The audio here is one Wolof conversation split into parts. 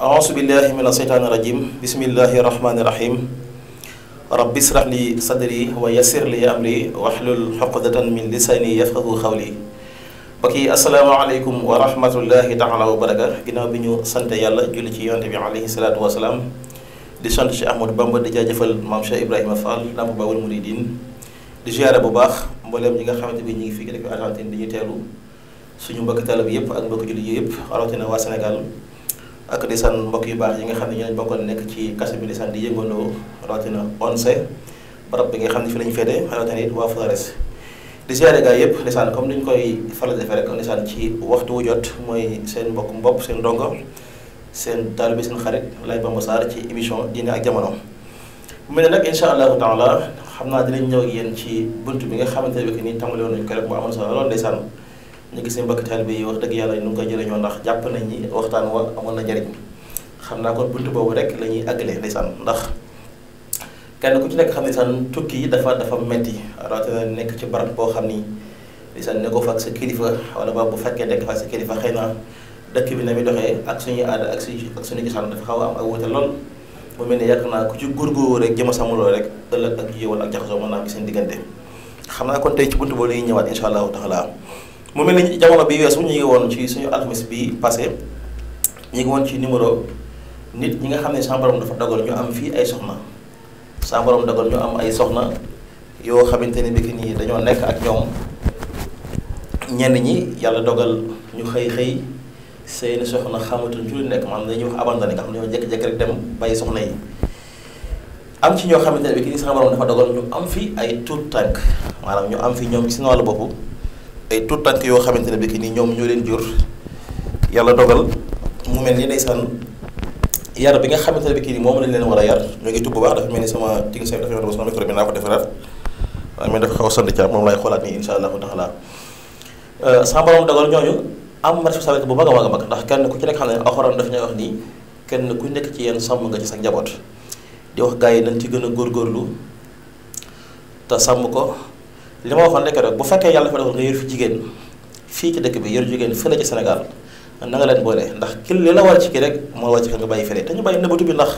auzu billahi mina sheytaani rajim bismillahi rahmaani rahim rabbi israh li sadri wa yassir li amri wahlul uqdatan min lisani yafqahu qawli mbokk yi asalaamaaleykum wa ta taala wa baraka ginnaaw bi ñu sant yàlla julli ci yonte bi alayhi salaatu wasalaam di sant Cheikh Ahmadou Bamba di jaajëfal maam Cheikh Ibrahima Fall lamp baawul muridin di ziyaare bu baax mbooleem ñi nga xamante bi ñi ngi fi rek Argentine di ñu teelu suñu mbokk talib yëpp ak mbokk julli ak di san mbokk yu baax yi nga xam ne ñu lañ bokkoon nekk ci kaso bi di san di yëngandoo rawatina onse barab bi nga xam ne fi lañ féete rawatina it waa Flores yëpp di comme ni koy faral defee rek di san ci waxtu wu jot mooy seen mbokk mbopp seen ndongo seen taalibe seen xarit lay Bamba Sarr ci émission diine ak jamono mu mel ne nag incha allahu taala xam naa dinañ ñëw ak yéen ci bunt bi nga xamante ne bi ni tàmbali woon nañ ko rek mu amoon solo lool ndeysaan ñu gis ne mbokk taalibe yi wax dëgg yàlla ñu ngi koy jëriñoo ndax jàpp nañ ni waxtaan wa amoon na xam naa kon buntu boobu rek la ñuy àggalee ndeysaan ndax kenn ku ci nekk xam ne saan tukki dafa dafa metti rawatina nekk ci barab boo xam ni ndeysaan ne ko fa ak sa kilifa wala bu fekkee nekk fa ak sa na dëkk bi na muy doxee ak suñuy aada ak suñu ak suñu gisaan dafa xaw a am ak wuute mel ne yàq naa ku ci góorgóorlu rek jëm a sàmmuloo rek ëllëg ak yéewal ak jaxasoo mën naa am seen diggante xam naa kon ci buntu boobu la ñëwaat incha allahu taala mu mel ni jamono bi weesu ñu ngi woon ci suñu alxames bi passé ñu ngi woon ci numéro nit ñi nga xam ne sa dafa dogal ñu am fii ay soxna sa borom am ay soxna yoo xamante ne bi ki dañoo nekk ak ñoom ñenn ñi yàlla dogal ñu xëy xëy seeni soxna xamatuñ ci lu nekk maanaam dañuy wax abandonné nga xam ne ñoo jékki-jékki rek dem bàyyi soxna yi am ci ñoo xamante ne bi ki nii sa ñu am fii ay tuut tànk maanaam ñu am fii ñoom si seen wàllu bopp ay tuut yoo xamante ne bi ni ñoom ñoo leen jur yàlla dogal mu mel ni ndeysaan yar bi nga xamante ne bi ni moom lañ leen war a yar ñoo ngi tubb bu baax dafa mel ni sama tig sa dafa yor ba sama a sant ca moom laay xoolaat nii insha allahu taala euh, sama borom dogal ñooñu am responsabilité bu mag a mag a mag ndax kenn ku ci nekk xam ne alxuraan daf ñuy wax nii kenn ku nekk ci yéen sàmm nga ci sa njaboot di wax gars yi nañ ci gën a góorgóorlu te sàmm ko li ma waxoon rek bu fekkee yàlla dafa def nga yor fi jigéen fii ci dëkk bi yor jigéen fële ci Sénégal na nga leen boole ndax ki li la war ci kii rek moo war ci nga bàyyi fële te ñu bi ndax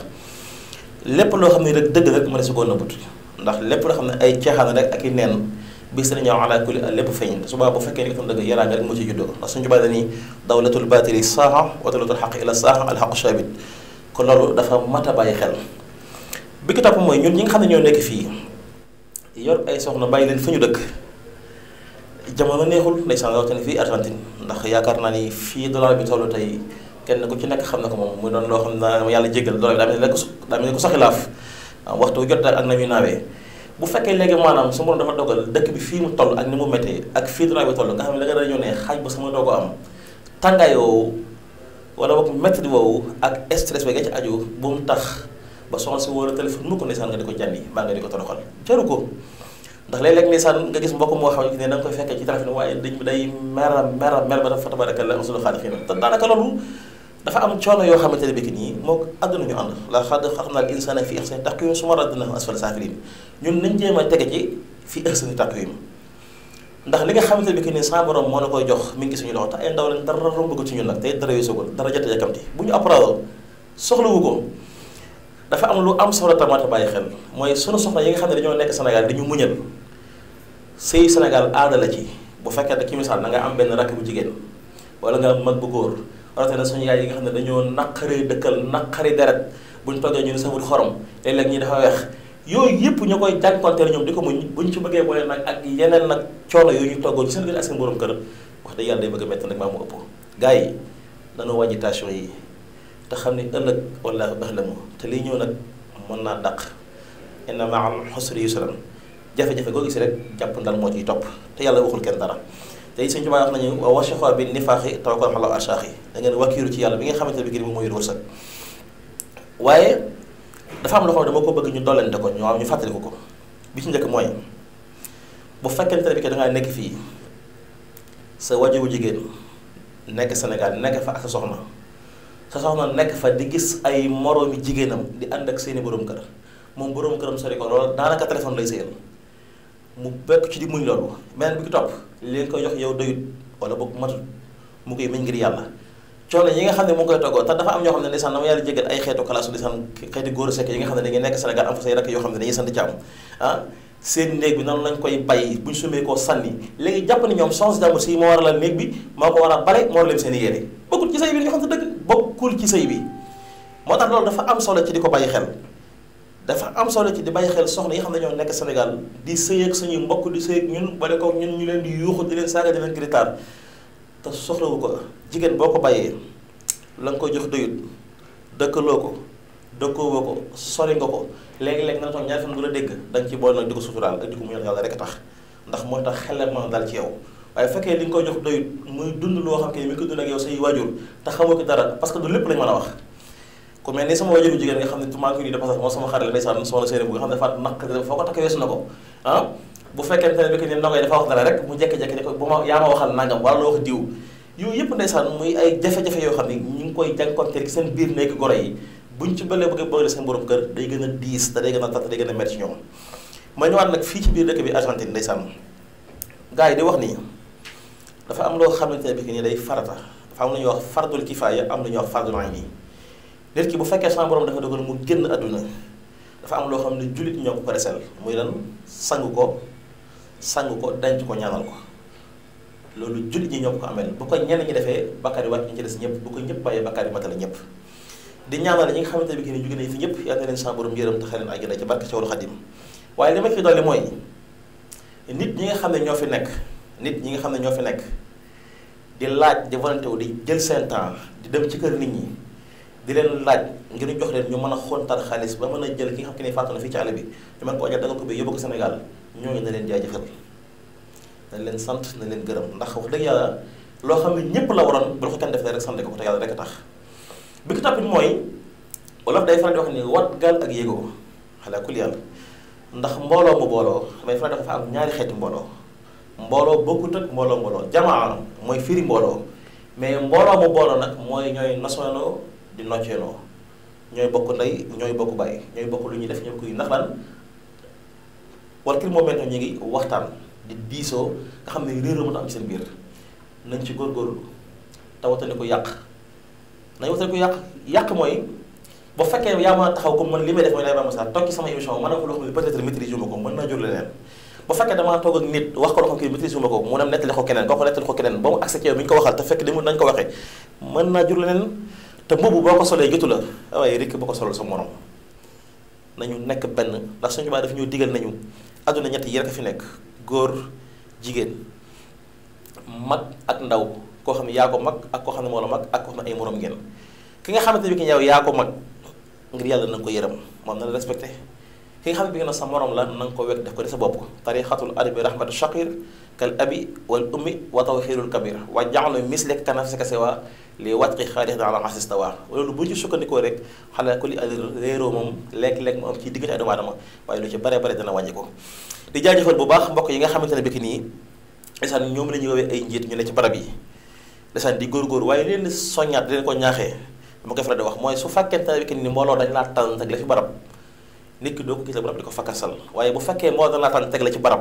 lépp loo xam ne rek dëgg rek mën na si koo nëbbatu ndax lépp loo xam ne ay caaxaan rek ak i neen bis na ñaaw ala kulli lépp feeñ suba bu fekkee ni ko dëgg yàlla nga rek moo ci juddoo ndax suñu jubaay dañuy dawlatul baatili saaxa wa dawlatul a bàyyi xel bi ko topp mooy ñun ñi nga xam ne ñoo nekk fii yor ay soxna bàyyi leen fu ñu dëkk jamono neexul ndeysaan rawatina fii Argentine ndax yaakaar naa ni fii dollar bi tollu tey kenn ku ci nekk xam na ko moom muy doon loo xam ne yàlla jéggal dollar bi daa mel ne ko daa mel ne ah, daal ak na muy naawee bu fekkee léegi maanaam su ma dafa dogal dëkk bi fii mu toll ak ni mu méttee ak fii dollar bi toll nga xam ne la nga dañoo ne xaaj ba sama doo ko am tàngaayoo wala boog métti woowu ak stress bi nga ci aju bu mu tax ba soxla si wóor a téléphone mu ko ndeysaan nga di ko jànni mbaa nga di ko toroxal jaru ko ndax léeg-léeg da yoo xamante ne bi nii moo àdduna ñu ànd la xad a tege ci fi ahsani taqwim ndax li nga xamante ne bi nii sa borom moo la koy jox mi ngi suñu loxo te ay ndaw lañ dara romb ko ci ñun nag te dara yooyu sogul dara jot a bu ñu apprendre soxlawu ko dafa am lu am solo tamit bàyyi xel mooy sunu soxna yi nga xam ne dañoo nekk Sénégal di ñu muñal sëy Sénégal aada la ci bu fekkee ne ci misaal na nga am benn rakk bu jigéen wala nga mag bu góor wala na suñu yaay yi nga xam ne dañoo naqari dëkkal naqari deret buñ toggee ñu sa saful xorom léeg-léeg ñi dafa weex yooyu yëpp ñu koy jànkonteel ñoom di ko muñ buñ ci bëggee boole nag ak yeneen nag coono yooyu ñu toggoo ci seen biir ak seen kër wax dëgg yàlla day bëgg a métti nag maa mu ëpp gars yi nañu wàññi yi te xam ne ëllëg wallaahu a'lamu te liy ñëw nag mën naa daq inna ma'al usri yusran jafe-jafe goo gis rek jàpp ndal moo ciy topp te yàlla waxul kenn dara tey suñu tubaab wax nañu waaw wasixoo bi nifaaxi tawakkal ala arsaaxi da ngeen wakkiiru ci yàlla bi nga xamante ne bi moo yor wërsëg waaye dafa am loo dama ko bëgg ñu dollante ko ñu am ñu fàttaliku ko bi ci njëkk mooy bu fekkente ne bi da ngaa nekk fii sa waajur bu jigéen nekk Sénégal nekk fa ak sa soxna. sa soxna nekk fa di gis ay moroomi jigéenam di ànd ak seeni borom kër moom borom këram sore ko loolu daanaka téléphone lay sëyal mu bekk ci di muñ loolu beneen bi ki topp li koy jox yow doyut wala boog matut mu koy meñ ngir yàlla coono yi nga xam ne mu ngi koy toggoo te dafa am ñoo xam ne ndeysaan dama yàlla jégal ay xeetu kalaasu ndeysaan xeeti góor sekk yi nga xam ne dañuy nekk Sénégal am fa say rakk yoo xam ne dañuy sant jàmm ah. seen néeg bi noonu lañ koy bay bu ñu sumee koo sànni léegi jàpp ne ñoom change d'amour si moo war a la néeg bi moo ko war a bare moo leen seen yére bokkul ci sëy bi ñu xam te dëgg bokkul ci sëy bi moo tax loolu dafa am solo ci di ko bàyyi xel dafa am solo ci di bay xel soxla yi xam ne ñoo nekk Sénégal di sëy ak suñuy mbokk di sëy ak ñun bale ko ñun ñu leen di yuuxu di leen saaga di leen gritaar te soxlawu ko jigéen boo ko bayee la nga koy jox doyut dëkkaloo ko dëkkoo woo ko sori nga ko léegi-léegi nga ne toog ñaar fan du la dégg nag tax ndax mooy tax xel ak man yow waaye fekkee li nga koy jox doyut loo xam ke mi ngi ko te xamoo ko dara parce que lépp lañ mën a wax ku mel ni sama xam moom nga ko na ko ah bu fekkee ne bi ne ndongoy dafa wax dara rek mu jekki-jekki ne ko bu ma yaa ma waxal nangam wala la wax diw yooyu yëpp ndeysaan muy ay jafe-jafe yoo xam ne ñu ngi koy jànkonteeg seen biir nekk goro yi bu buñ ci bëlee bëgg bëgg seen borom kër day gën a diis te day gën a tat day gën a métti ci ñoom ma ñëwaat nag fii ci biir dëkk bi Argentine ndeysaan gars yi di wax nii dafa am loo xamante ne bi ni day farata dafa am lu ñuy wax am lu ñuy wax fardul ayni bu fekkee sama borom dafa dogal mu génn àdduna dafa am loo xam ne jullit ñoo ko paresel muy lan sang ko sang ko denc ko ñaanal ko loolu jullit ñi ñoo ko amel bu ko ñenn ñi defee bakkaar yi wàcc ñu ci des ñëpp bu ko ñëpp bàyyee bakkaar yi matale ñëpp di ñaanal ñi nga xamante ne bi gën a jóge nañ fi ñëpp yal na leen sa borom yërëm te xale leen àjjana ci barke Sewul Xadim waaye li ma ciy dolli mooy nit ñi nga xam ne ñoo fi nekk nit ñi nga xam ne ñoo fi nekk di laaj di volonté wu di jël seen temps di dem ci kër nit ñi di leen laaj ngir ñu jox leen ñu mën a xontal xaalis ba mën a jël ki nga xam ne faatu na fii ci àll bi ñu mën ko ajal danga ko bi yóbbu ko Sénégal ñooñu na leen leen sant na leen gërëm ndax wax dëgg yàlla loo xam ne ñëpp la waroon bu la def rek sant ko te yàlla rek tax bi ko toppit mooy wolof day faral di wax ni wat gaal ak yéego ko xalaa kul ndax mbooloo mu booloo may faral dafa am ñaari xeeti mbooloo mbooloo bokkut ak mbooloo mbooloo jamaa mooy firi mbooloo mais mbooloo mu booloo nag mooy ñooy nasoonoo di nocceenoo ñooy bokk ndey ñooy bokk bàyyi ñooy bokk lu ñuy def ñoo koy nax lan wala kii moom ñu ngi waxtaan di diisoo nga xam ne réeroo mën a am seen biir nañ ci góorgóorlu tawatale ko yàq. nañ waxtaan ko yàq yàq mooy ba fekkee yaa mën a taxaw comme man li may def mooy Mariama Sarr tokki sama émission mën na ko loo xam ne peut-être maîtrise ma ko mën naa jur leneen ba fekkee damaa toog ak nit wax ko loo xam ne maîtrise ko mu dem nettali keneen kooku nettali ko keneen ba mu accès ci yow mi ko waxal te fekk damu nañ ko waxee mën naa jur leneen te mboobu boo ko solee gëtu la waaye rekk boo ko solal sa morom nañu nekk benn ndax suñu baa daf ñoo digal nañu àdduna ñett fi nekk góor jigéen mag ak ndaw koo xam ne yaa ko mag ak koo xam ne moo la mag ak koo xam ne ay morom ngeen ki nga xamante ne bi yow yaa ko mag na ko yërëm moom na la respecté ki nga sa morom la na nga ko wekk def ko di sa wa tawxirul wa jaxlu mislek kanafsika sewa li watqi xaalixda ala asistawa loolu bu ñu sukkandikoo rek xala ku li alir réeroo moom léeg-léeg mu am ci diggante doomu aadama waaye lu ci bare bare dana wàññi bu baax mbokk yi nga xamante ne bi ki nii ñoom la ñuy woowee ay njiit ñu ne ci barab yi desaan di góorgóor waaye leen soññaat leen ko ñaaxee dama koy faral di wax mooy su fekkente ne que ni mbooloo dañ laa tànn teg la ci barab nit ki doo ko gis la barab di ko fakkasal waaye bu fekkee mbooloo dañ laa la ci barab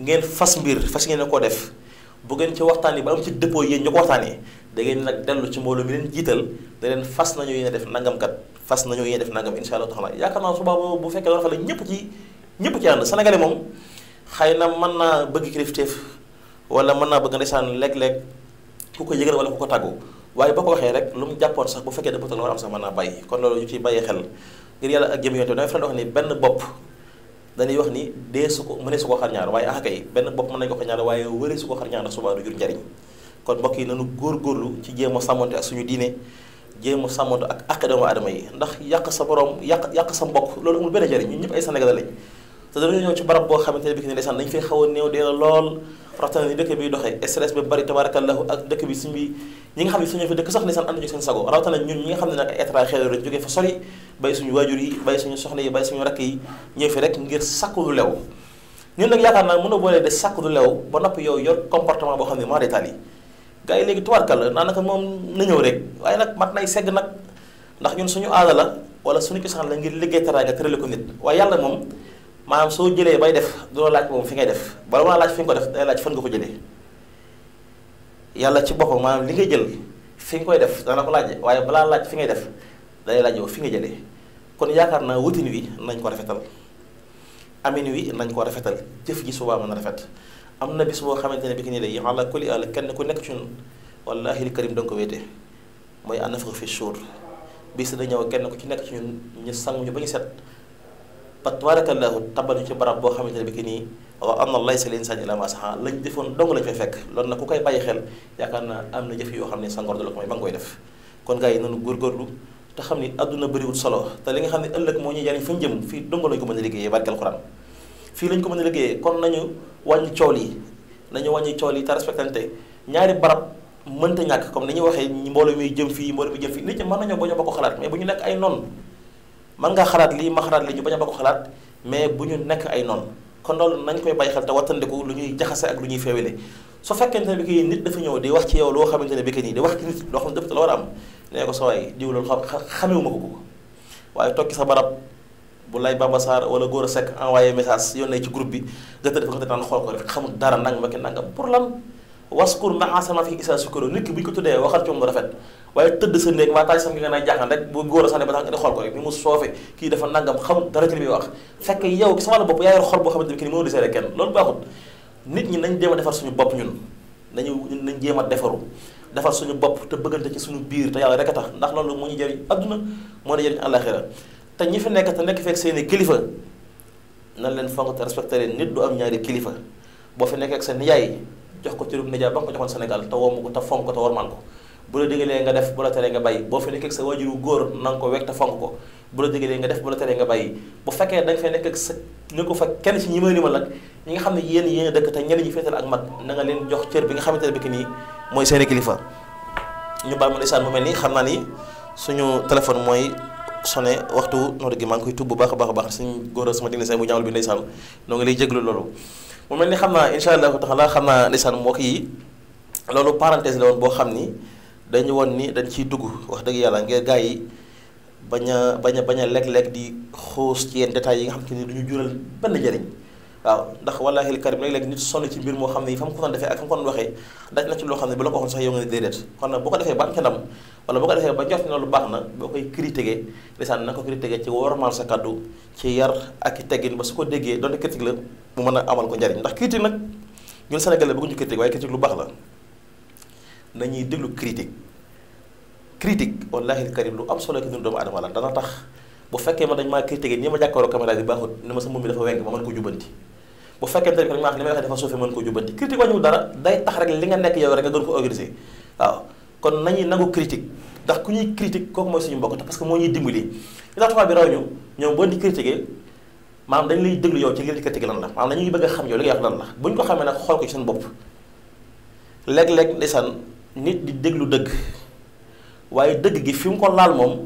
ngeen fas mbir fas ngeen koo def bu ngeen ci waxtaanee ba am ci dëppoo yéen ñu ko waxtaanee da ngeen nag dellu ci mbooloo mi leen jiital da leen fas nañu yéen def nangam kat fas nañu yéen def nangam insha allah yaakaar naa suba bu fekkee loolu xam ne ñëpp ci ñëpp ci ànd sénégalais moom xëy na mën naa bëgg kilifteef wala mën naa bëgg ndeysaan léeg-léeg ku ko yëgal wala ku ko tàggu waaye boo ko waxee rek lu mu jàppoon sax bu fekkee da bëgg la war am sax mën naa bàyyi kon loolu ñu ciy bàyyi xel ngir yàlla ak jëm yoon wax ni benn bopp dañuy su ko mënee ñaar waaye ah benn bopp mën nañu ko xar ñaar waaye wëree su ko xar ñaar subaa du jur njariñ kon ci jéem a sàmmante ak suñu diine jéem a sàmmante ak ak doomu aadama yi ndax yàq sa borom yàq yàq sa mbokk loolu amul benn njariñ ñun ñëpp ay Sénégalais lañ te dañu ñëw ci barab boo xamante ne bi ki ne ndeysaan dañ fay xaw a néew dee la lool rawatina ni dëkk bi doxee stress bi bari tabarakallahu ak dëkk bi suñ bi ñi nga xam ne suñu fi dëkk sax ni san àndu ñu seen sago rawatina ñun ñi nga xam ne nag ay étranger nag de sàkku lu ba noppi yow yor comportement boo xam ne maa détail yi gars yi léegi tubaarkal naanaka moom na rek waaye nag mat nay segg nag ndax ñun suñu aada la su suñu cosaan sax ngir liggéey teraanga tërale ko nit waaye yàlla moom maanaam soo jëlee bay def du la laaj moom fi ngay def bala laaj fi nga ko def day laaj fan nga ko jëlee yàlla ci boppam maanaam li ngay jël fi nga koy def dana ko laaj waaye balaa laaj fi ngay def day laaj yow fi nga jëlee kon yaakaar naa wutin wi nañ ko rafetal amin wi nañ ko rafetal jëf ji subaa mën a am na bis boo xamante ne bi ki nii lay ala kulli àll kenn ku nekk ci ñun wallaahi li karim da ko wéete mooy ànd fa fi suur bis da ñëw kenn ko ci nekk ci ñun ñu sangu ba ñu set. fa tabarakallahu tabal ñu ci barab boo xamante ne bi ki nii wa am na laysa lil insaani illaa maa saxaa lañ defoon dong lañ fay fekk loolu nag ku koy bàyyi xel yaakaar naa am na jëf yoo xam ne sa ngor da la ko may xam ni àdduna bëriwul solo te li nga xam ne ëllëg moo ñuy jariñ fa ñu jëm fii dong lañ ko mën a liggéeyee barkeel Quran ko mën a liggéeyee kon nañu wàññi coow yi nañu wàññi coow yi te respectante ñaari barab mënta ñàkk comme ni ñuy waxee mbooloo jëm fii mbooloo jëm fii nit ñi nañoo ba ñoo ba ko xalaat mais bu ñu nekk ay noon man ngaa xalaat lii ma xalaat lii ñu bañ a bokk xalaat mais bu ñu nekk ay noon kon loolu nañ koy bàyyi xel te wattandiku lu ñuy jaxase ak lu ñuy feewele su fekkente ne bi kii dafa ñëw di wax ci yow loo xamante ne bi kii nii di wax ci nit loo xam ne dëpp la war a am nee ko sa waay diw loolu xamewuma waaye tokki sa barab bu lay Bamba Sarr wala Gora Seck envoyé message yónnee ci groupe bi nga tëdd fa nga tëdd naan xool ko rek xamul dara nang ma ki nanga pour lan waskur ma asama fi isa sukaro nit ki bu ñu ko tuddee waxal ci moom lu rafet waaye tëdd sa néeg waa taaj sax nga naa jaaxal rek bu góor a sax ne ba tax nga di xool ko rek ni mu soofe kii yow sama la bopp yaa yor xol boo xamante ne kii mënoo di seere kenn loolu baaxut ñi nañ jéem a defar suñu bopp ñun nañu nañ jéem a defaru defar suñu bopp te bëggante ci suñu biir te yàlla rek a tax ndax loolu moo ñu jëriñ adduna moo ñu jëriñ àllaxira te ñi fi nekk te nekk fekk seeni kilifa nan leen fonk te respecté nit du am ñaari kilifa boo fi nekkee ak seen yaay jox ko cërub nijaay ba nga ko joxoon Sénégal te woomu ko te fonk ko te warmal ko bu la digalee nga def bu la teree nga bàyyi boo fi nekk ak sa waajur wu góor na nga ko wegg te ko bu la nga def bu la teree nga bàyyi bu fekkee da nga fay nekk ak sa ne ko fa kenn ci ñi ma limal nag ñi nga xam ne yéen yéen dëkk te ñenn ñi féetal ak mag na leen jox cër bi nga xamante ne bi nii mooy seeni kilifa ñu baal ma ndeysaan mu mel ni xam naa ni suñu téléphone mooy sonné waxtu noor gi maa ngi koy tubb bu baax a baax a baax suñu góor sama technicien bu ñaawul bi ndeysaan noo ngi lay jéglu loolu mu mel ni xam naa incha allahu taala xam naa ndeysaan mbokk yi loolu parenthèse la boo xam ni dañu won ni dañ ciy dugg wax dëgg yàlla ngir gars yi bañ a bañ a bañ a lekk-lekk di xoos ci yenn détails yi nga xam te ni duñu ñu jural benn njëriñ waaw ndax wallaahi karim léeg-léeg nit sonn ci mbir moo xam ne fa mu ko doon defee ak fa mu ko doon xam ne bu la ko kon nag boo ko defee ba am ca ndam wala boo ko defee ba njort ne lu baax na boo koy critiquer ndeysaan na ko critiquer ci wormaal sa kàddu ci yar ak teggin ba su ko déggee doonte critique la mu mën a amal ko njariñ nda critique nag ñun Sénégalais bëgguñu critique waaye critique lu baax la nañuy déglu critique critique wallaahi karim lu am solo ki dund doomu adama la dana tax bu fekkee ma dañ maa critiqué ñi ma jàkkaaroo ni ma sa moom bi dafa weng ma mën ko jubanti bu fekkee tamit dañ ma wax li may wax dafa nga nekk yow rek nga gën ko organiser waaw kon ndax ku ñuy critique kooku mooy suñu mbokk te parce que moo ñuy dimbali li tax tubaab bi raw ñu ñoom boo dañ lay déglu yow ci li di critique lan la am dañuy bëgg a xam yow li nga wax lan la bu ñu ko xamee nag xool ko ci seen bopp léeg-léeg ndeysaan nit di déglu dëgg waaye dëgg gi fi mu ko laal moom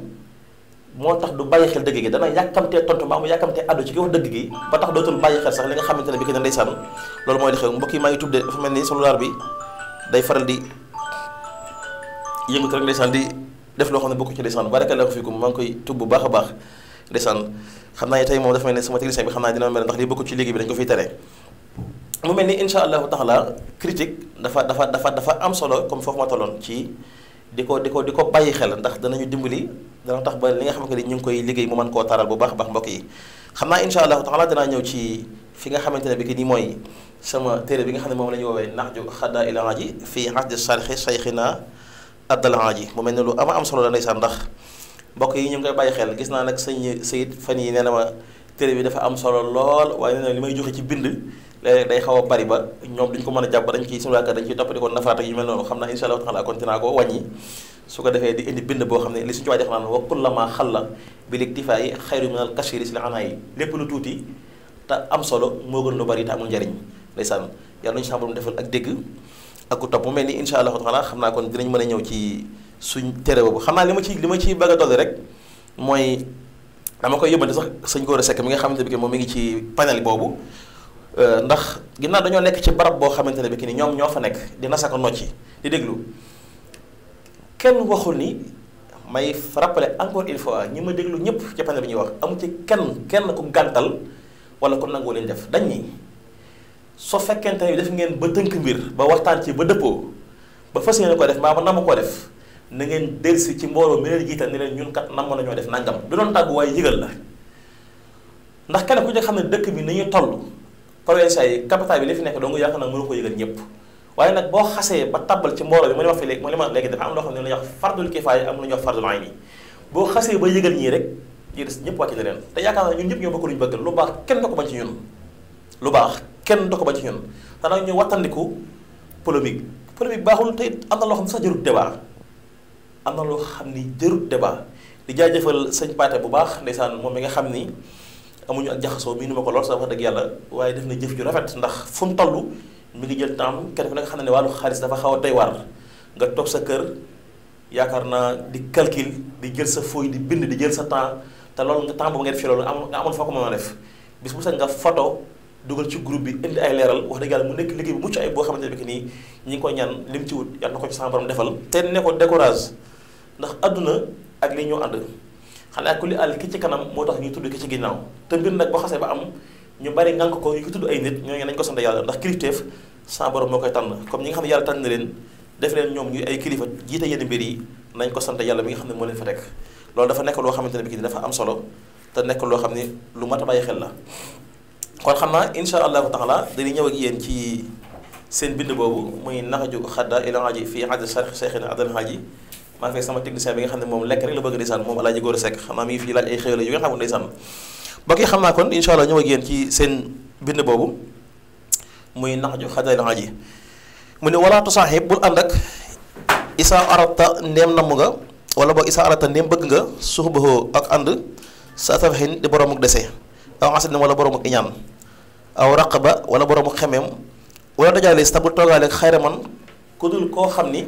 moo tax du bàyyi xel dëgg gi dana yàkkamtee tontu mbaa mu yàkkamtee addu ci ki wax dëgg gi ba tax dootul bàyyi xel sax li nga xamante ne bi ki ne ndeysaan loolu mooy li xew mbokk yi maa ngi tuddee dafa mel ni solo bi day faral di yëngatu rek ndeysaan di def loo xam ne bokk ci ndeysaan barakallahu fikum maa ngi koy tub bu baax a baax ndeysaan xam naa ne tey moom dafa mel ne sama technicien bi xam naa dina mel ndax li bokk ci liggéey bi dañ ko fiy tere mu mel ni incha allahu taala critique dafa dafa dafa dafa am solo comme foofu ma tolloon ci di ko di ko di ko bàyyi xel ndax danañu dimbali dana tax ba li nga xam ne ñu ngi koy liggéey mu mën koo taral bu baax baax mbokk yi xam naa incha allahu taala danaa ñëw ci fi nga xamante ne bi ki mooy sama téere bi nga xam ne moom la ñu woowee nax ju xadda ilaa ji fii asdi sarxi sayxina addalaa ji mu mel ne lu ama am solo la ndeysaan ndax mbokk yi ñu ngi koy bàyyi xel gis naa nag sëñ Sayid fan yi nee na ma téere bi dafa am solo lool waaye nee li may joxe ci bind léeg day xaw bari ba ñoom duñ ko mën a jàpp dañ ciy suñu yaakaar dañ ciy toppati ko nafaat ak yu mel noonu xam naa insha allah su ko defee di indi bind boo xam ne li suñu ci waaj a xanaan wa kullama xalla bi liktifaa yi xayru min la tuuti te am solo moo gën lu bari te amul njariñ ndeysaan yàlla ñu sàmbarum defal ak dégg ak ku mu mel ni insha allah taala xam naa kon dinañ mën a ñëw ci suñ tere boobu xam li ma ci li ma ci bëgg a dolli rek mooy dama koy yóbbante sax sëñ Gora Seck mi nga xamante bi moom mi ngi ci panel boobu Euh, ndax ginnaaw dañoo nekk ci barab boo xamante ne bi ki ni ñoom ñoo fa nekk di nasaka nocci di déglu kenn waxul ni may rappeler encore une fois ñi ma déglu ñëpp ci panel bi ñuy wax amu ci kenn kenn ku gàntal wala ku nangoo leen def dañ ni soo fekkente ne def ngeen ba tënk mbir ba waxtaan ci ba dëppoo ba fas ngeen ko def mbaa ba namm koo def na ngeen delsi ci mbooloo mi jiital ni leen ñun kat namm nañoo def nangam du doon tàggu waaye yëgal la ku ñu xam ne dëkk bi ni ñuy provincial yi bi li fi nekk dong yaakaar naa mënu ko yëgal ñëpp waaye nag boo xasee ba tabbal ci mbooloo bi ma li wax fi léegi ma li te yaakaar naa ñun ñëpp ñoo bokk luñu lu baax kenn du ko bañ ci ñun lu baax kenn du ko bañ polémique polémique baaxul te am na loo xam ne sax jërut débat am na loo xam ni jërut débat di jaajëfal sëñ Paate bu baax ndeysaan moom mi nga xam ni amuñu ak jaxasoo mii nu ma ko lool sax wax dëgg yàlla waaye def na jëf ju rafet ndax fu mu ngi jël temps kenn ku nekk xam ne wàllu xaalis dafa xaw a doy waar toog sa kër yaakaar naa di calcul di jël sa feuille di bind di jël sa temps te loolu nga temps nga def ci loolu am nga amoon foo ko mën a def bis dugal ci groupe bi indi ay leeral wax dëgg mu nekk liggéey bu mucc ay boo xamante ne nii ñi ngi ko ñaan lim ci wut yàlla ko ci sama borom defal te ne ko décourage ndax àdduna ak li ñoo ànd xanaa ku li àll ki ci kanam moo tax ñu tudd ki ci ginnaaw te mbir nag boo xasee ba am ñu bari ngànk ko ñu ko tudd ay nit ñooñu nañ ko sant yàlla ndax kilifteef sa borom moo koy tànn comme ñi nga xam ne yàlla tànn na leen def leen ñoom ñuy ay kilifa jiite yenn mbir yi nañ ko sant yàlla mi nga xam ne moo leen fa teg loolu dafa nekk loo xamante ne bi kii dafa am te nekk loo xam ne lu mat a bàyyi xel la kon xam naa insha tax la dañuy ñëw ak yéen ci seen bind boobu muy naxaju xadda ilaaji fii adda sarx seexina adal haaji maa ngi fekk sama technicien bi nga xam ne moom lekk rek la bëgg ndeysaan moom Alaaji Góor Sekk xam naa mi ngi fii laaj ay xéwal yu nga xam ne ndeysaan ba ki xam naa kon incha allah ñëw ak yéen ci seen bind boobu muy nax ju xadal nax ji mu ne wala tusaaxib bul ànd ak isa arata ndéem namm nga wala boog isa arata ndéem bëgg nga suux baxoo ak ànd sa tafaxin di boroomuk dese aw asidin wala boroomuk iñaan aw raqaba wala boroomuk xemeem wala dajaalees tabul toogaaleeg xayraman ku dul koo xam ni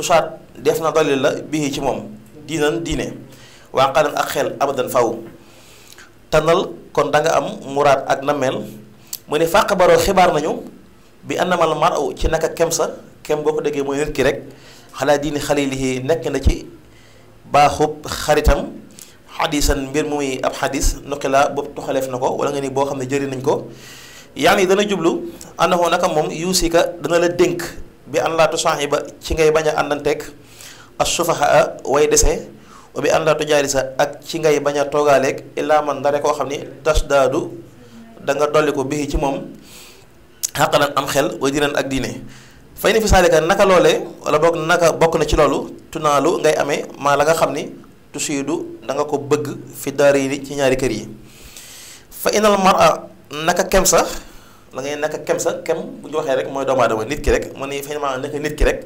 tusaat def na dalil la bii ci moom diinan diine waa xalam ak xel abadan faw tanal kon danga am muraad ak nameel mu ne fàq baroo xibaar nañu bi annamal mar'u ci naka kem sa kem boo ko déggee mooy nit ki rek xalaa diini xalilihi nekk na ci baaxub xaritam xadisan mbir mu muy ab xadis nuqila boobu tuxaleef na ko wala nga ni boo xam ne jëri nañ ko yaa ngi dana jublu àndaxoo naka moom yuusika dana la dénk bi an laa ba ci ngay bañ a àndanteeg as-sufaha way dese wa bi an laa tujaarisa ak ci ngay bañ a toogaaleeg illaa man ndare koo xam ni tasdaadu da nga dolli ko bii ci moom xaqalan am xel wa diinan ak diine fay ni fi saalika naka loolee wala boog naka bokk na ci loolu tunaalu ngay amee maa la nga xam ni tusiidu da ko bëgg fi daari ni ci ñaari kër yi fa inal mara naka kem sax da ngay naka kem sa kem bu ñu waxee rek mooy doomu aadama nit ki rek mu ne finalement naka nit ki rek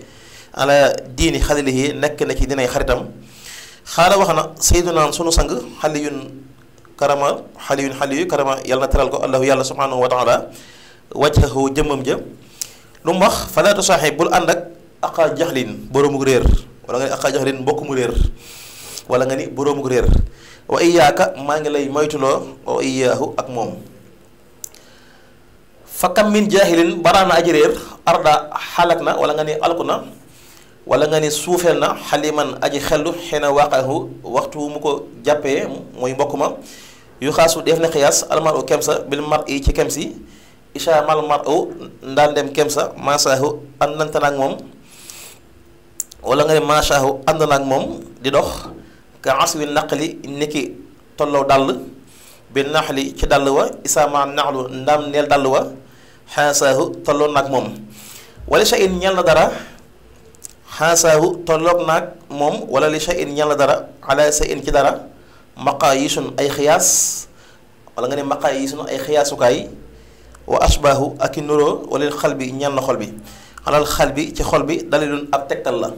ala diini xalilihi nekk na ci dinay xaritam xaala wax na sayyiduna sunu sang xaliyun karama xaliyun xaliyu karama yàlla na teral ko allahu yàlla subhanahu wa taala wajhahu jëmmam ja lu mu wax fala tusaaxib bul ànd ak aqa jaxlin boroomu réer wala nga ni aqa jaxlin mbokk mu réer wala nga ni boroomu réer wa iyaaka maa ngi lay moytuloo wa iyaahu ak moom fa kam min baraana aji réer arda xalak na wala nga ni alku na wala nga ni suufeel na xaliman aji xellu xeena waaqahu waxtu mu ko jàppee muy mbokk ma yu xaasu def na xiyaas almar u kemsa bil mar i ci kemsi isaamal mar u ndaan dem kemsa maasaahu àndante na ak moom wala nga ni maasaahu ànd na moom di dox ka aswi naqli niki tolloo dàll bi naxli ci dàll wa isaamaa naxlu ndaam neel dàll wa xaasaahu tolloon nag moom wala sha in ñal na dara xaasaahu tolloog naag moom wala li sha in na dara ala sha in ci dara maqaa yi sun ay xiyaas wala nga ne maqaa yi sun ay xiyaasukaay wa asbaahu ak i xal bi ñal na xol bi xalal xal bi ci xol bi dalilun ab tegtal la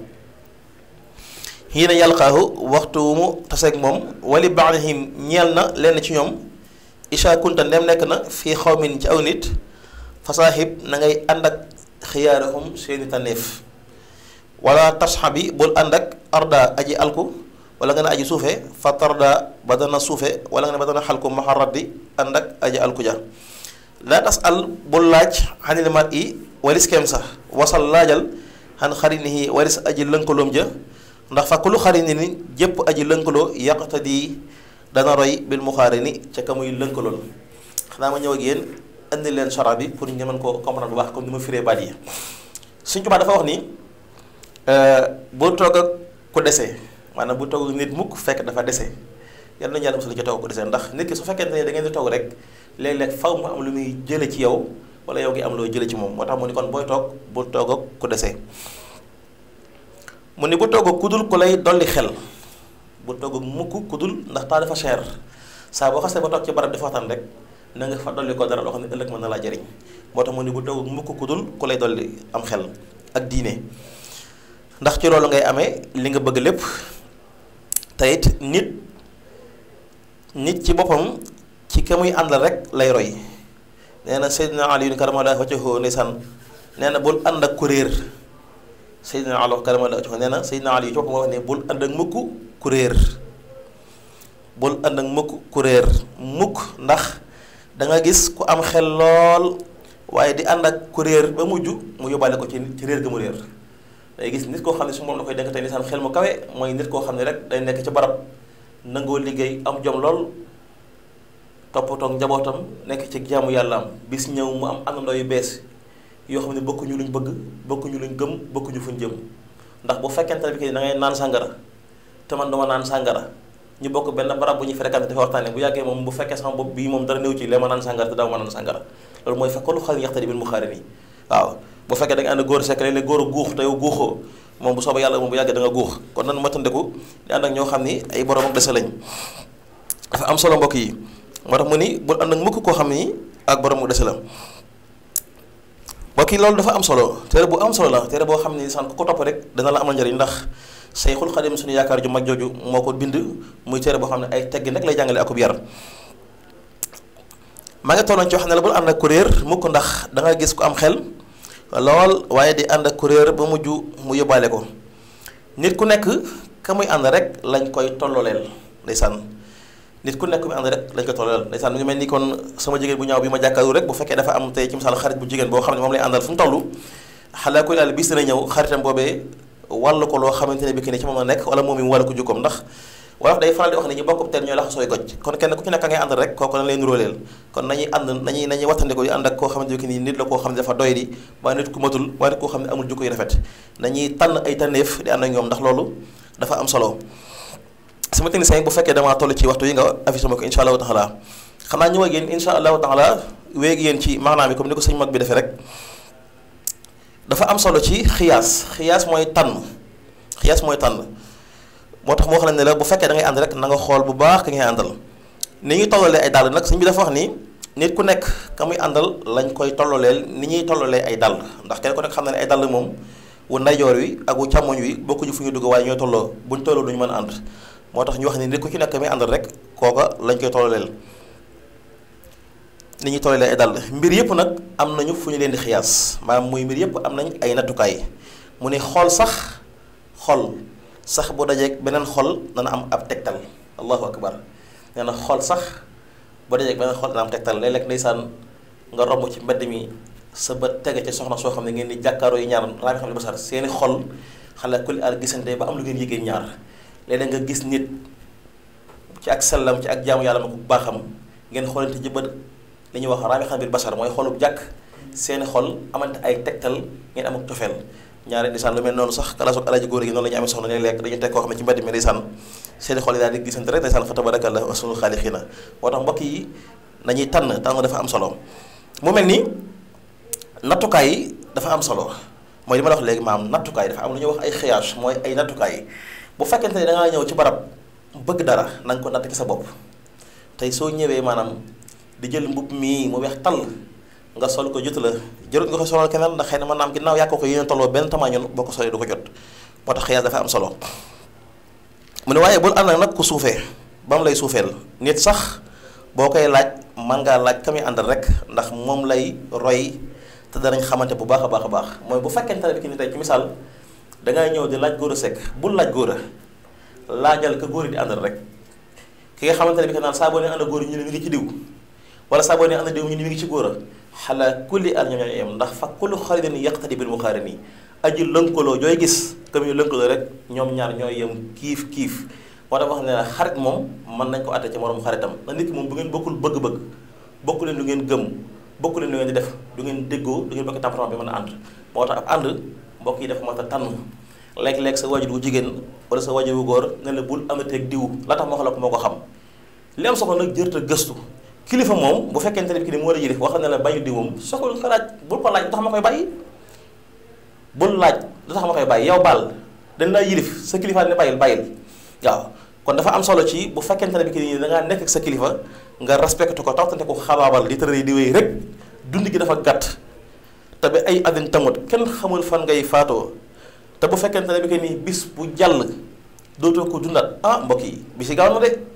xiina yalqaahu waxtu wu mu taseeg moom wali ba'dihim ñeel na lenn ci ñoom isha kunta nekk na fii xawmin ci aw nit fasaaxib na ngay ànd ak xiyaarahum seeni tànneef wala tasxabi bul ànd ak arda aji alku wala nga ne aji suufe fa tarda ba dana suufe wala nga ne ba dana xalku maxaradi ànd ak aji alku laa tas al bul laaj xanil mar i waris sax wasal laajal xan xarinihi waris aji lënkaloom ja ndax fa kulu xarini ni jëpp aji lënkaloo yàqta di dana roy bil muxaarini ca ka muy lënkaloon xanaa ma ñëw ak yéen indi leen sharab bi pour ñu mën koo comprendre bu baax comme ni ma firee baat yi Sëñ Tuubaa dafa wax ni euh, bul toog ak ku desee maanaam bul toog ak mukk fekk dafa dese yal nañu yàlla mos ci toog ku dese ndax nit su fekkente ne da ngeen di rek léeg-léeg faw mu am lu muy jële ci yow wala yow ngi am loo jële ci moom moo tax mu ni kon booy toog bul toog ak ku dese mu ni bu toog ak ku dul ku lay dolli xel bu toog mukk ku dul ndax temps dafa cher saa boo xasee ba toog ci barab di waxtaan rek. na nga fa dolli ko dara loo xam ne ëllëg mën na laa jariñ moo tax mu ne bu toog mukk ku dul ku lay dolli am xel ak diine ndax ci loolu ngay ame li nga bëgg lépp tayit nit nit ci boppam ci ka muy àndal rek lay roy nee na Seydina Aliyun karamallahu wajhahu ndeysaan nee na bul ànd ak ku réer Seydina Aliyu karamallahu wajhahu nee na Seydina Aliyu ci boppam moo wax ne bul ànd ak mukk bul ànd ak mukk ku réer mukk ndax da nga gis ku am xel lool waaye di ànd ak ku réer ba mujj mu yóbbaale ko ci ci réer ga mu réer day gis nit koo xam ne su moom la koy dénk tey lisaan xel mu kawe mooy nit koo xam ne rek day nekk ci barab nangoo liggéey am jom lool toppatoo njabootam nekk ci jaamu yàlla am bis ñëw mu am àndandoo yu bees yoo xam ne bokkuñu luñ bëgg bokkuñu luñ gëm bokkuñu fuñ jëm ndax bu fekkente ne bi naan sàngara te man duma naan sàngara ñu bokk benn barab bu ñuy fréquenté dafa waxtaane bu yàggee moom bu fekkee sama bopp bii moom dara néew ci lee ma naan sàngara te daaw ma naan sàngara loolu mooy fekkoon lu xal yaxtari bil muxaaribi waaw bu fekkee da ànd góor sekk léeg góor a guux te yow guuxoo moom bu soobee yàlla moom bu yàggee da guux kon nan matandeku di ànd ak ñoo xam ni ay borom ak dese dafa am solo mbokk yi moo tax ni bu ànd koo xam ni ak borom ak dese la mbokki loolu dafa am solo téere bu am solo la téere boo xam ne saan ko topp rek dana la amal njëriñ ndax Seyxul Xadim suñu yaakaar ju mag jooju moo ko bind muy téere boo xam ne ay teggin rek lay jàngale akub yar maa ngi tolloon ci wax la bul ànd ak kuréer mukk ndax da nga gis ku am xel lool waaye di ànd ak kuréer ba mujj mu yóbbaale ko nit ku nekk ka muy ànd rek lañ koy tollooleel ndeysaan nit ku nekk mu ànd rek lañ koy tollooleel ndeysaan mu kon sama jigéen bu ñaaw bi ma jàkkaaru rek bu fekkee dafa am tey ci misaal bu jigéen boo xam ne moom lay àndal fu mu toll xalaa ko laal bis dina ñëw xaritam boobee wàll ko loo xamante ne bi ki ne ci moom la nekk wala moom mi wàll ko jukkoom ndax wolof day faral di wax ne ñu bokkub teen ñooy laxasooy goj kon kenn ku ci nekk a ngay ànd rek kooku dañ lay nuróoleel kon nañuy ànd nañuy nañuy wattandiko ànd ak koo xamante ne bi ki ni nit la koo xam ne dafa am solo sama technicien bu fekkee damaa toll ci waxtu yi nga affiché ma ko insha allahu taala xanaa ñëw ak yéen insha allahu taala wéegi yéen ci maanaam ko sëñ mag bi defee rek dafa am solo ci xias xiyaas mooy tànn xiyaas mooy tànn moo tax moo xam ne la bu fekkee da ngay ànd rek na nga xool bu baax ki ngay àndal ni ñuy tollalee ay dàll nag suñ bi dafa wax ni nit ku nekk ka muy àndal lañ koy tollaleel ni ñuy tollalee ay dàll ndax kenn ku nekk xam na ne ay dàll moom wu ndeyjoor wi ak wu càmmoñ wi bokkuñu fu ñu dugg waaye ñooy tolloo buñ tolloo duñu mën a ànd moo tax ñu wax ni nit ku ci nekk muy àndal rek kooka lañ koy tollaleel ni ñuy tollee ay dàll mbir yëpp nag am nañu fu ñu leen di xiyaas maanaam muy mbir yëpp am nañ ay nattukaay mu ne xool sax xool sax boo dajeeg beneen xool dana am ab tegtal allahu akbar nee na xool sax bu dajeeg beneen xol dana am tegtal léeg-léeg ndeysaan nga romb ci mbedd mi sa bët tege ci soxna soo xam ne ngeen di jàkkaaroo yi ñaar raami xam ne seeni xol xale kulli al gisante ba am lu ngeen yëgee ñaar léeg-léeg nga gis nit ci ak sellam ci ak jaamu yàlla ma ko baaxam ngeen xoolante ci bët li ñuy wax rabixa bil ay tegtal ngeen am ak cofeel ñaare ndeysaan lu mel noonu sax noonu la ñu amee soxna ne lekk dañu teg koo xam ne ci mbedd mi ndeysaan seen xol yi daal di gisante rek ndeysaan fa tabarakallah tànn tànn dafa am solo mu mel ni nattukaay yi dafa am solo mooy li ma la wax léegi maam nattukaay dafa am lu ñuy wax ay xiyaas mooy ay nattukaay bu fekkente ne da ngaa ñëw ci barab bëgg dara na ko natt ci sa bopp tey soo ñëwee maanaam di jël mbubb mii mu weex tàll nga sol ko jotu la jërut nga ko solal keneen ndax xëy na mën naa am ginnaaw yàq ko yéen tolloo benn tamaa ñun boo ko solee du ko jot moo tax xiyaas dafa am solo mu ne waaye bul ànd ak nag ku suufee ba mu lay suufeel nit sax boo koy laaj man ngaa laaj ka àndal rek ndax moom lay roy te danañ xamante bu baax a baax a baax mooy bu fekkente ne bi ki ni tey ci misaal dangay ñëw di laaj góor a sekk bul laaj góor a laajal ka góor yi di àndal rek xamante ne bi ki naan saa boo ne ànd góor ci diw wala saa boo ne am na diw ñu ni mi ngi ci góor a xalaa kulli al ñoom ñoo yem ndax fa kullu xaridin yaqtadi bil muqaarini aji lënkaloo jooy gis comme yu lënkaloo rek ñoom ñaar ñooy yem kiif kiif moo tax wax ne xarit moom mën nañ ko atte ci moroom xaritam ndax nit ki moom bu ngeen bokkul bëgg-bëgg bokku leen lu ngeen gëm bokku leen lu ngeen di def du ngeen déggoo du ngeen bokk tempérament bi mën a ànd moo tax ab ànd mbokk yi def moo tax tànn léeg-léeg sa waajur wu jigéen wala sa waajur wu góor ne la bul amateeg diw la tax moo xam la ko moo ko xam li am soxla nag jërta gëstu kilifa moom bu fekkente ne ki ni moo la yilif waxal na la bàyyi diwam soxul ko laaj bul ko laaj lu tax ma koy bàyyi bul laaj lu tax ma koy bàyyi yow baal dañ laa yilif sa kilifa ne bàyyil bàyyil waaw kon dafa am solo ci bu fekkente ne bi ki ni nekk sa kilifa nga respecté ko tawtante ko xabaabal di tëral di wéy rek dund gi dafa gàtt te ba ay addin tamut kenn xamul fan ngay faatoo te bu fekkente ne bi ki ni bis bu jàll dootoo ko dundaat ah mbokk yi bi si gaaw na de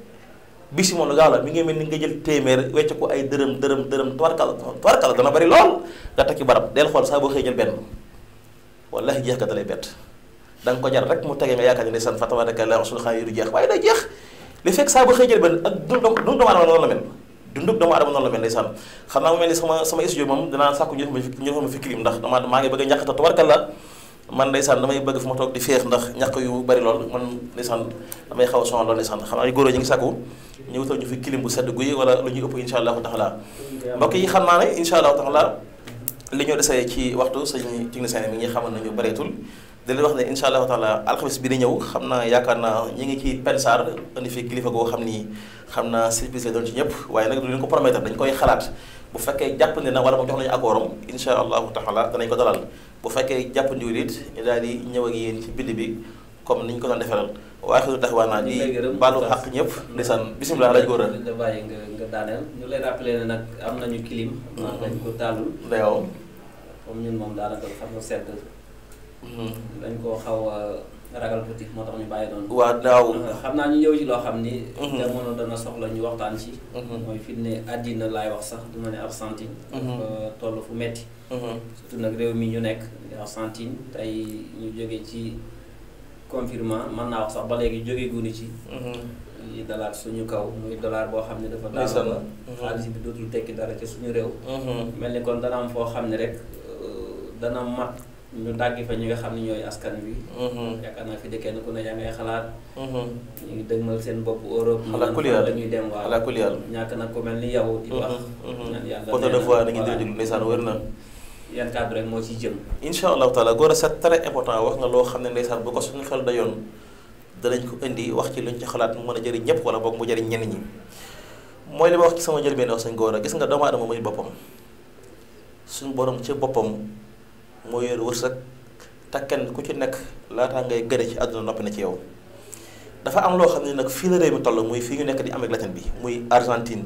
bisi moom gaaw la mi ngi mel ni nga jël téeméer wecc ko ay dërëm dërëm dërëm tubarkala tubarkala dana bari lool nga takki barab del xool saa boo xëy jël benn wallahi jeex nga dalay bett da ko jar rek mu tege nga yaakaar ne san fa tabarakallah rasul xaay du jeex waaye day jeex li fekk saa boo xëy jël benn ak dund dund doomu adama noonu la mel dundub doomu adama noonu la mel ndeysaan xam naa mu mel ni sama sama moom danaa sàkku ñu ñu defama fikir yim ndax maa ngi bëgg a ñàkk te tubarkala man ndeysaan damay bari lool man ndeysaan damay xaw a sonal lool ndeysaan xam naa góor ñi ngi sàkku ñu wutal ñu fi kilim bu sedd guy wala lu ñuy ëpp insha allahu taala mbokk xam naa ne insha allahu taala li ñoo desee ci waxtu sëñ technicien mi ngi xamal ñu bareetul di wax ne insha allahu taala alxames bi di ñëw xam naa yaakaar naa ñu ngi ci pensar indi fi kilifa goo xam ni xam naa service la doon ci ñëpp waaye nag du leen ko promettre dañ koy xalaat bu fekkee jàppandi na wala moom jox nañu accordam insha allahu taala danañ ko dalal bu fekkee jàppandiwul it ñu daal di ñëw ak yéen ko doon defaral waaye xëy na taxawaanaa di ñëpp ndeysaan bisimilah rajo Gora. nga nga nga daaneel ñu lay rappelé ne nañu clim. Mm-hmm. ndax ko taalul. ndeyoon comme ñun moom daanaka xam nga sedd. Mm-hmm. dañ koo xaw a ragal tuuti naa ñu ñëw ci loo xam ni. Mm-hmm. jamono dana soxla ñu waxtaan ci. mooy fi àddina laay wax sax duma ne Argentine. toll fu metti surtout nag réew mi ñu nekk Argentine tey ñu jógee ci. confirmant mën naa wax sax ba léegi jóge guni ci yi mhm. dalaat suñu kaw muy dollar boo xam ne dafa daanaka mhm. xaalis bi dootul tekki dara ci suñu réew mhm. mel ni kon dana foo xam ne rek euh, dana mat ñu dàggi fa ñi nga xam ne ñooy askan wi yaakaar naa fi de kenn ku ne yaa ngay xalaat ñu ngi dëgmal seen bopp Europe la ñuy dem waaw ñàkk nag ku mel ni yow di wax ñaan yàlla porte de voix dañuy déglu ndeysaan wër na yan kàddu rek moo ciy jëm. incha allahu taala góor a c'est très important wax nga loo xam ne ndeysaan bu ko suñu xel dayoon danañ ko indi wax ci luñ ci xalaat mu mën a jëriñ ñëpp wala boog mu jëriñ ñenn ñi mooy li ma wax ci sama njëlbéen wax sañ góor a gis nga doomu aadama muy boppam suñu borom ci boppam moo yor wërsëg te ku ci nekk laataa ngay gëne ci àdduna noppi na ci yow dafa am loo xam ne nag fii la réew mi toll muy fii ñu nekk di Amérique latine bi muy Argentine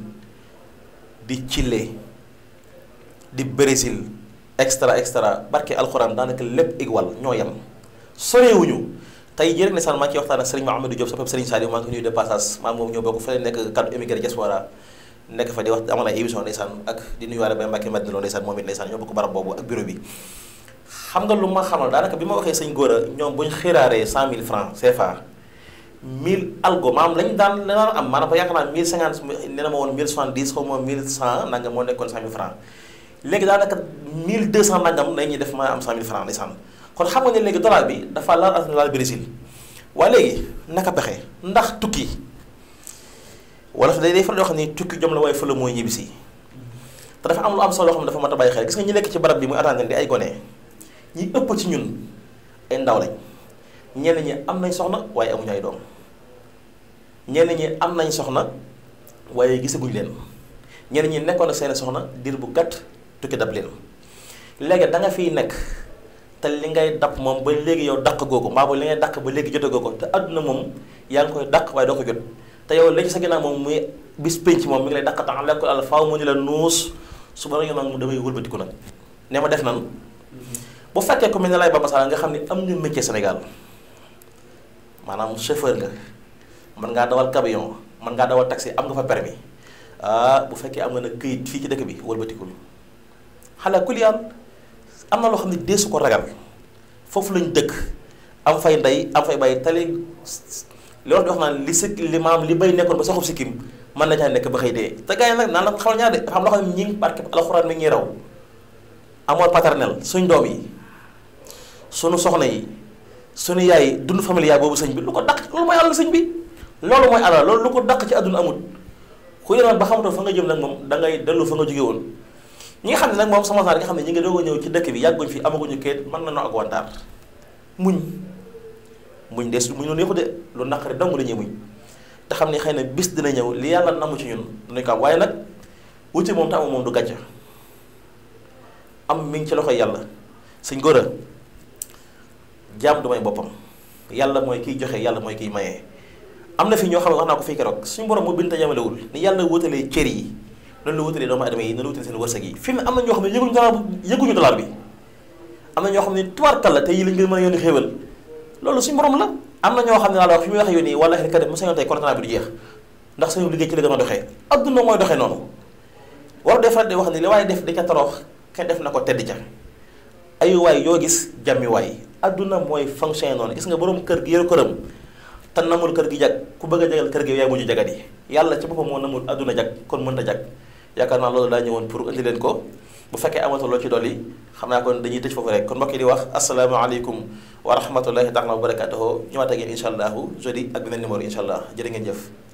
di Chili di Brésil. extra extra barke alxuraan daanaka lépp igual ñoo yam sorewuñu tey jii rek ne saan maa ngi ciy waxtaan ak Serigne Mouhamadou Diop soppam Serigne Saliou maa ngi ko nuyu de passage maa moom ñoo bokk xam nga lu ma xamal daanaka bi ma waxee sëñ góor ñoom bu ñu xiraaree cent mille am mille cinquante nee na ma woon mille soixante dix xaw ma mille cent nanga moo nekkoon cent mille francs léegi daanaka 1200 nangam la ñuy def ma am 100000 francs ndeysaan kon xam nga ne léegi dollar bi dafa laal Argentine laal Brésil waaye léegi naka pexe ndax tukki wala day day faral di wax ni tukki jom la waaye fële mooy ñibbisi te dafa am lu am solo loo xam ne dafa mat a xel gis nga ñi nekk ci barab bi muy Argentine di ay gone ñi ëpp ci ñun ay ndaw lañ ñenn ñi am nañ soxna waaye amuñu ay doom ñenn ñi am nañ soxna waaye gisaguñ leen ñenn ñi nekkoon seen soxna diir bu gàtt. tukki dab leen léegi da fi nekk te li ngay dab moom ba léegi yow dàq googu mbaa ba li ngay dàq ba léegi jote googu te àdduna moom yaa ngi koy dàq waaye doo ko jot te yow léegi sa ginnaaw moom muy bis pénc moom mi ngi lay dàq tax lekkul àll faaw mu ni la nuus su ba yoon mu damay wëlbatiku nag ne ma def nan bu fekkee ku mel ne lay Baba Sall nga xam ne am na métier Sénégal maanaam chauffeur nga mën ngaa dawal camion mën ngaa dawal taxi am nga fa permi ah bu fekkee am nga nag këyit fii ci dëkk bi wëlbatikul xala kuliyaan am na loo xam ne deesu ko ragal foofu lañ dëkk am fay ndey am fay bay tali loolu di wax naan li sikk li maam li bay nekkoon ba soxob sikkim mën na caa nekk ba xëy dee te gars yi nag naan la xamal ñaar de am loo xam ne ñi ngi barke alxuraan mi ngi suñ doom yi suñu soxna yi suñu yaay dund familial boobu sëñ bi lu ko dàq loolu mooy alal sëñ bi loolu loolu lu ko dàq ci àdduna amut ku naan ba xamatoon fa nga jëm nag moom da ngay dellu fa nga jóge woon ñi nga xam ne nag moom sama naar nga xam ne ñi ngi doog a ñëw ci dëkk bi yàgguñ fi amaguñu kayit mën nañoo ak wantaar muñ muñ des muñ noonu yëpp de lu naqari dong la ñuy muñ te xam ne xëy na bis dina ñëw li yàlla namu ci ñun dinañ ko waaye nag wuti moom te amu moom du gàcce ci loxo yàlla suñ góor a jaam du may boppam yàlla mooy kiy joxe yàlla mooy kiy maye. am na fi ñoo xam ne wax naa ko fii keroog suñu borom moo bind te yamalewul ni yàlla wóotalee cër yi. noonu la wutalee doomu adama yi noonu la wutalee seen wërsëg yi fi mu am na ñoo xam ne yëguñu dollar bi am na ñoo xam ne tubaarkal la te yi lañ gën mën a yónni loolu suñu borom la am na ñoo xam ne daal wax fi muy wax yónni wala xel kat mu sañoon tey corona bi du jeex ndax suñu liggéey ci la dama doxee adduna mooy doxee noonu war defal di wax ne li waaye def da ca torox kenn def na ko tedd ca ayu waay yoo gis jàmmi waay adduna mooy fonctionné noonu gis nga borom kër gi yor këram te namul kër gi jag ku bëgg a kër gi yaay mujj jagat yi yàlla ci boppam moo namul adduna jag kon mën ta jag yaakaar na loolu laa ñëwoon pour indi leen ko bu fekkee amatul loo ci dolli xam naa ko dañuy tëj foofu rek kon mbokk di wax asalaamaaleykum wa rahmatullahi taala wa barakatuhu ñëwaat ak yéen incha allahu jeudi ak beneen numéro incha allah jërë ngeen jëf